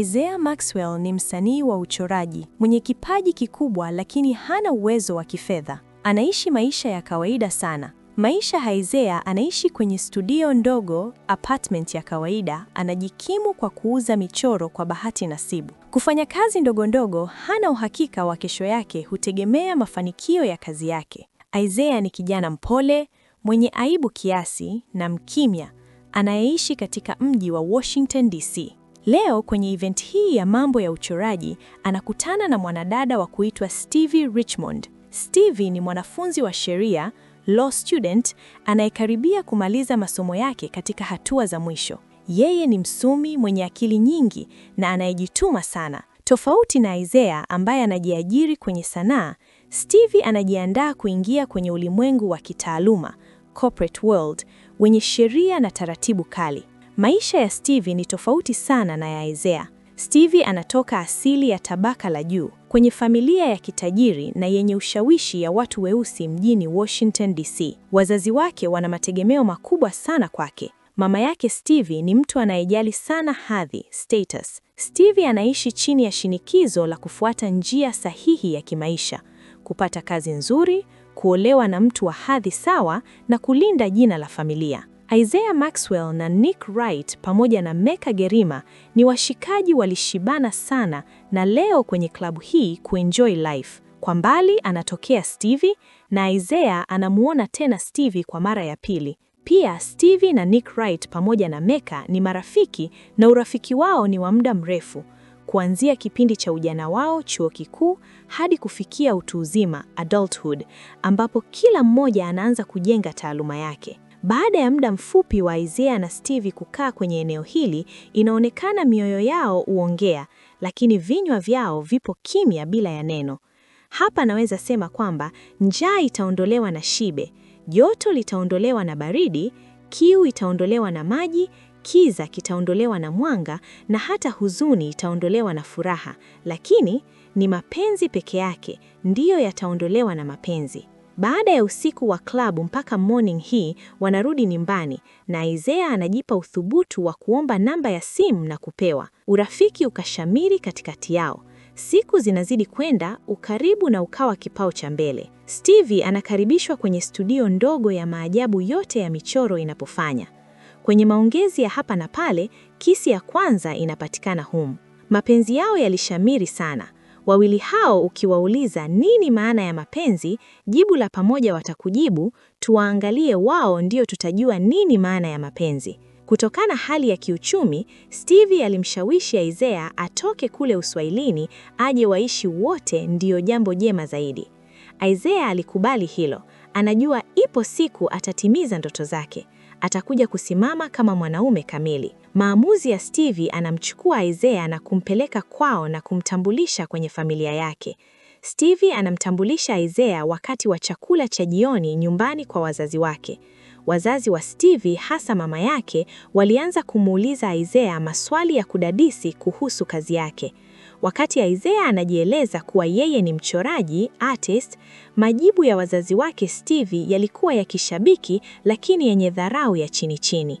Isaiah Maxwell ni msanii wa uchoraji mwenye kipaji kikubwa, lakini hana uwezo wa kifedha. Anaishi maisha ya kawaida sana. Maisha ya Isaiah, anaishi kwenye studio ndogo, apartment ya kawaida, anajikimu kwa kuuza michoro kwa bahati nasibu. Kufanya kazi ndogo ndogo, hana uhakika wa kesho yake, hutegemea mafanikio ya kazi yake. Isaiah ni kijana mpole, mwenye aibu kiasi na mkimya, anayeishi katika mji wa Washington DC. Leo kwenye event hii ya mambo ya uchoraji anakutana na mwanadada wa kuitwa Stevie Richmond. Stevie ni mwanafunzi wa sheria, law student, anayekaribia kumaliza masomo yake katika hatua za mwisho. Yeye ni msomi mwenye akili nyingi na anayejituma sana. Tofauti na Isaiah ambaye anajiajiri kwenye sanaa, Stevie anajiandaa kuingia kwenye ulimwengu wa kitaaluma, corporate world, wenye sheria na taratibu kali. Maisha ya Steve ni tofauti sana na ya Isaiah. Steve anatoka asili ya tabaka la juu kwenye familia ya kitajiri na yenye ushawishi ya watu weusi mjini Washington DC. Wazazi wake wana mategemeo makubwa sana kwake. Mama yake Steve ni mtu anayejali sana hadhi, status. Steve anaishi chini ya shinikizo la kufuata njia sahihi ya kimaisha, kupata kazi nzuri, kuolewa na mtu wa hadhi sawa na kulinda jina la familia. Isaiah Maxwell na Nick Wright pamoja na Meka Gerima ni washikaji walishibana sana, na leo kwenye klabu hii kuenjoy life. Kwa mbali anatokea Stevie na Isaiah anamuona tena Stevie kwa mara ya pili. Pia Stevie na Nick Wright pamoja na Meka ni marafiki na urafiki wao ni wa muda mrefu, kuanzia kipindi cha ujana wao chuo kikuu hadi kufikia utu uzima adulthood, ambapo kila mmoja anaanza kujenga taaluma yake. Baada ya muda mfupi wa Isaiah na Steve kukaa kwenye eneo hili, inaonekana mioyo yao huongea, lakini vinywa vyao vipo kimya bila ya neno. Hapa naweza sema kwamba njaa itaondolewa na shibe, joto litaondolewa na baridi, kiu itaondolewa na maji, kiza kitaondolewa na mwanga, na hata huzuni itaondolewa na furaha, lakini ni mapenzi peke yake ndiyo yataondolewa na mapenzi. Baada ya usiku wa klabu mpaka morning hii, wanarudi nyumbani na Isaiah anajipa uthubutu wa kuomba namba ya simu na kupewa. Urafiki ukashamiri katikati yao. Siku zinazidi kwenda, ukaribu na ukawa kipao cha mbele. Stevie anakaribishwa kwenye studio ndogo ya maajabu yote ya michoro inapofanya. Kwenye maongezi ya hapa na pale, kisi ya kwanza inapatikana humu. Mapenzi yao yalishamiri sana. Wawili hao ukiwauliza nini maana ya mapenzi, jibu la pamoja watakujibu, tuwaangalie wao ndio tutajua nini maana ya mapenzi. Kutokana hali ya kiuchumi, Steve alimshawishi Aizea atoke kule Uswahilini aje waishi wote ndiyo jambo jema zaidi. Aizea alikubali hilo. Anajua ipo siku atatimiza ndoto zake. Atakuja kusimama kama mwanaume kamili. Maamuzi ya Steve anamchukua Isaiah na kumpeleka kwao na kumtambulisha kwenye familia yake. Steve anamtambulisha Isaiah wakati wa chakula cha jioni nyumbani kwa wazazi wake. Wazazi wa Steve hasa mama yake walianza kumuuliza Isaiah maswali ya kudadisi kuhusu kazi yake. Wakati Isaiah anajieleza kuwa yeye ni mchoraji artist, majibu ya wazazi wake Steve yalikuwa ya kishabiki lakini yenye dharau ya chini chini.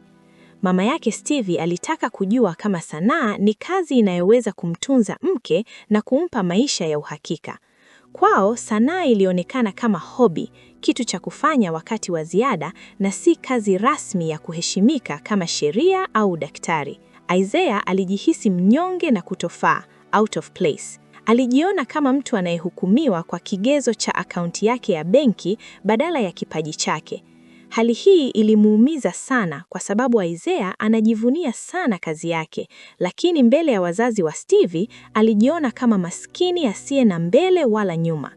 Mama yake Steve alitaka kujua kama sanaa ni kazi inayoweza kumtunza mke na kumpa maisha ya uhakika. Kwao sanaa ilionekana kama hobi, kitu cha kufanya wakati wa ziada na si kazi rasmi ya kuheshimika kama sheria au daktari. Isaiah alijihisi mnyonge na kutofaa, out of place. Alijiona kama mtu anayehukumiwa kwa kigezo cha akaunti yake ya benki badala ya kipaji chake. Hali hii ilimuumiza sana kwa sababu Isaiah anajivunia sana kazi yake, lakini mbele ya wazazi wa Steve alijiona kama maskini asiye na mbele wala nyuma.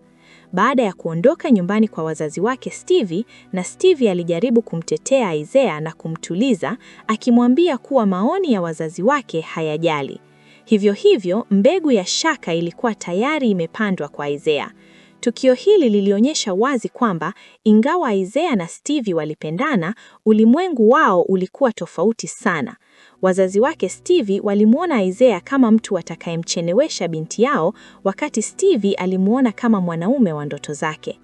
Baada ya kuondoka nyumbani kwa wazazi wake Steve, na Steve alijaribu kumtetea Isaiah na kumtuliza, akimwambia kuwa maoni ya wazazi wake hayajali. Hivyo hivyo, mbegu ya shaka ilikuwa tayari imepandwa kwa Isaiah. Tukio hili lilionyesha wazi kwamba ingawa Isaiah na Stevie walipendana, ulimwengu wao ulikuwa tofauti sana. Wazazi wake Stevie walimwona Isaiah kama mtu atakayemchenewesha binti yao, wakati Stevie alimwona kama mwanaume wa ndoto zake.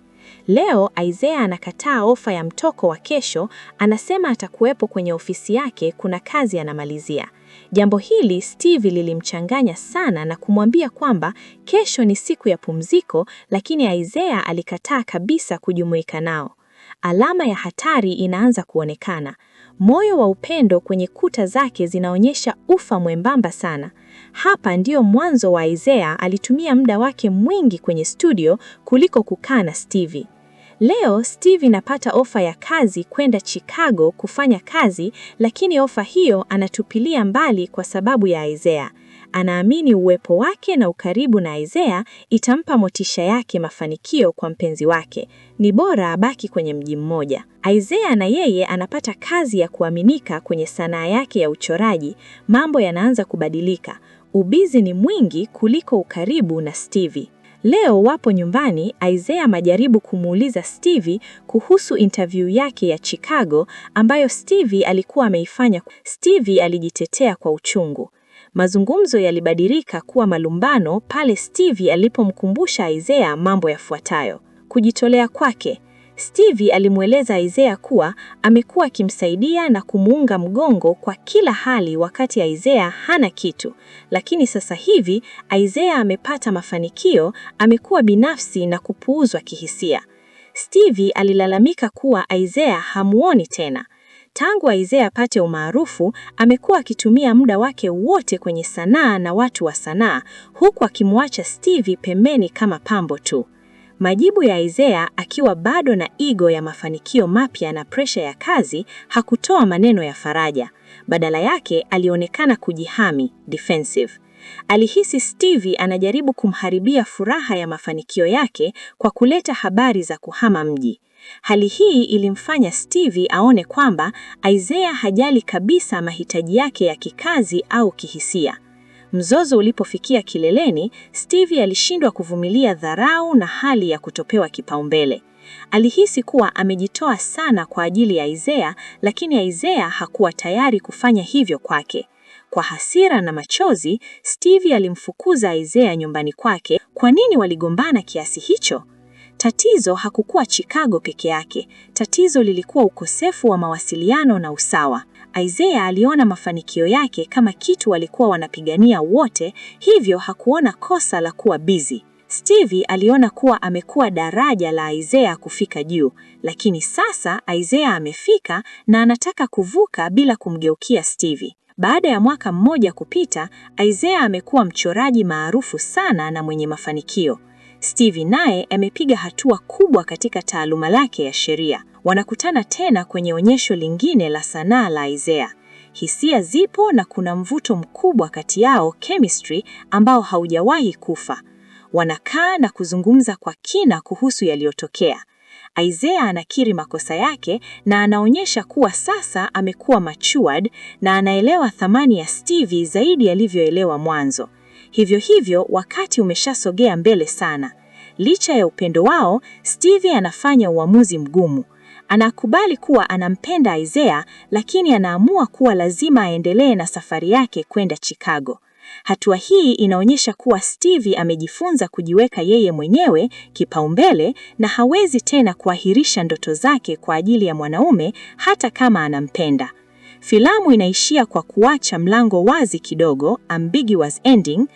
Leo Isaiah anakataa ofa ya mtoko wa kesho, anasema atakuwepo kwenye ofisi yake, kuna kazi anamalizia. Jambo hili Steve lilimchanganya sana na kumwambia kwamba kesho ni siku ya pumziko, lakini Isaiah alikataa kabisa kujumuika nao. Alama ya hatari inaanza kuonekana. Moyo wa upendo kwenye kuta zake zinaonyesha ufa mwembamba sana. Hapa ndio mwanzo wa Isaiah alitumia muda wake mwingi kwenye studio kuliko kukaa na Stevie. Leo Stevie napata ofa ya kazi kwenda Chicago kufanya kazi, lakini ofa hiyo anatupilia mbali kwa sababu ya Isaiah anaamini uwepo wake na ukaribu na Isaiah itampa motisha yake mafanikio kwa mpenzi wake. Ni bora abaki kwenye mji mmoja. isaya na yeye anapata kazi ya kuaminika kwenye sanaa yake ya uchoraji. Mambo yanaanza kubadilika. Ubizi ni mwingi kuliko ukaribu na Stevie. Leo wapo nyumbani, Isaiah majaribu kumuuliza Stevie kuhusu interview yake ya Chicago ambayo Stevie alikuwa ameifanya. Stevie alijitetea kwa uchungu. Mazungumzo yalibadilika kuwa malumbano pale Steve alipomkumbusha Isaiah mambo yafuatayo: kujitolea kwake. Steve alimweleza Isaiah kuwa amekuwa akimsaidia na kumuunga mgongo kwa kila hali wakati Isaiah hana kitu, lakini sasa hivi Isaiah amepata mafanikio, amekuwa binafsi na kupuuzwa kihisia. Steve alilalamika kuwa Isaiah hamuoni tena. Tangu Aizee apate umaarufu, amekuwa akitumia muda wake wote kwenye sanaa na watu wa sanaa, huku akimwacha Steve pembeni kama pambo tu. Majibu ya Isaiah akiwa bado na ego ya mafanikio mapya na presha ya kazi, hakutoa maneno ya faraja. Badala yake alionekana kujihami, defensive. Alihisi Stevie anajaribu kumharibia furaha ya mafanikio yake kwa kuleta habari za kuhama mji. Hali hii ilimfanya Stevie aone kwamba Isaiah hajali kabisa mahitaji yake ya kikazi au kihisia. Mzozo ulipofikia kileleni, Stevie alishindwa kuvumilia dharau na hali ya kutopewa kipaumbele. Alihisi kuwa amejitoa sana kwa ajili ya Isaiah, lakini Isaiah hakuwa tayari kufanya hivyo kwake. Kwa hasira na machozi, Steve alimfukuza Isaiah nyumbani kwake. Kwa nini waligombana kiasi hicho? Tatizo hakukuwa Chicago peke yake. Tatizo lilikuwa ukosefu wa mawasiliano na usawa. Isaiah aliona mafanikio yake kama kitu walikuwa wanapigania wote, hivyo hakuona kosa la kuwa busy. Steve aliona kuwa amekuwa daraja la Isaiah kufika juu, lakini sasa Isaiah amefika na anataka kuvuka bila kumgeukia Steve. Baada ya mwaka mmoja kupita, Isaiah amekuwa mchoraji maarufu sana na mwenye mafanikio. Steve naye amepiga hatua kubwa katika taaluma lake ya sheria. Wanakutana tena kwenye onyesho lingine la sanaa la Isaiah. Hisia zipo na kuna mvuto mkubwa kati yao, chemistry ambao haujawahi kufa. Wanakaa na kuzungumza kwa kina kuhusu yaliyotokea. Isaiah anakiri makosa yake na anaonyesha kuwa sasa amekuwa matured na anaelewa thamani ya Stevie zaidi alivyoelewa mwanzo. Hivyo hivyo, wakati umeshasogea mbele sana. Licha ya upendo wao, Stevie anafanya uamuzi mgumu. Anakubali kuwa anampenda Isaiah, lakini anaamua kuwa lazima aendelee na safari yake kwenda Chicago. Hatua hii inaonyesha kuwa Steve amejifunza kujiweka yeye mwenyewe kipaumbele na hawezi tena kuahirisha ndoto zake kwa ajili ya mwanaume hata kama anampenda. Filamu inaishia kwa kuacha mlango wazi kidogo, ambiguous ending.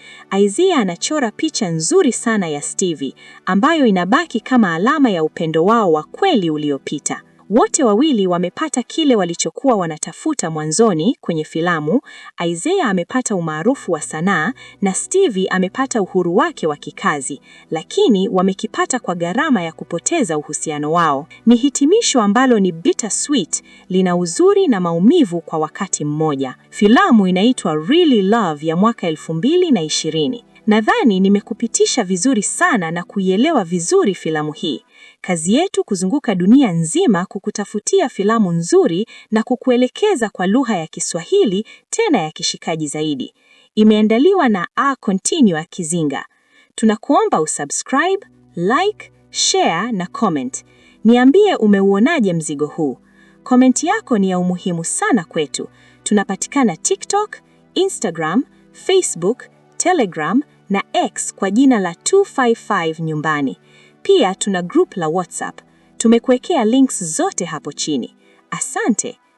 Isaiah anachora picha nzuri sana ya Steve ambayo inabaki kama alama ya upendo wao wa kweli uliopita. Wote wawili wamepata kile walichokuwa wanatafuta mwanzoni kwenye filamu. Isaiah amepata umaarufu wa sanaa na Stevie amepata uhuru wake wa kikazi, lakini wamekipata kwa gharama ya kupoteza uhusiano wao. Ni hitimisho ambalo ni sweet, lina uzuri na maumivu kwa wakati mmoja. Filamu inaitwa Really Love ya mwaka 2020. Nadhani nimekupitisha vizuri sana na kuielewa vizuri filamu hii. Kazi yetu kuzunguka dunia nzima kukutafutia filamu nzuri na kukuelekeza kwa lugha ya Kiswahili tena ya kishikaji zaidi. Imeandaliwa na A Continua Kizinga. Tunakuomba usubscribe, like, share na comment. Niambie umeuonaje mzigo huu. Komenti yako ni ya umuhimu sana kwetu. Tunapatikana TikTok, Instagram, Facebook, Telegram na X kwa jina la 255 nyumbani. Pia tuna group la WhatsApp. Tumekuwekea links zote hapo chini. Asante.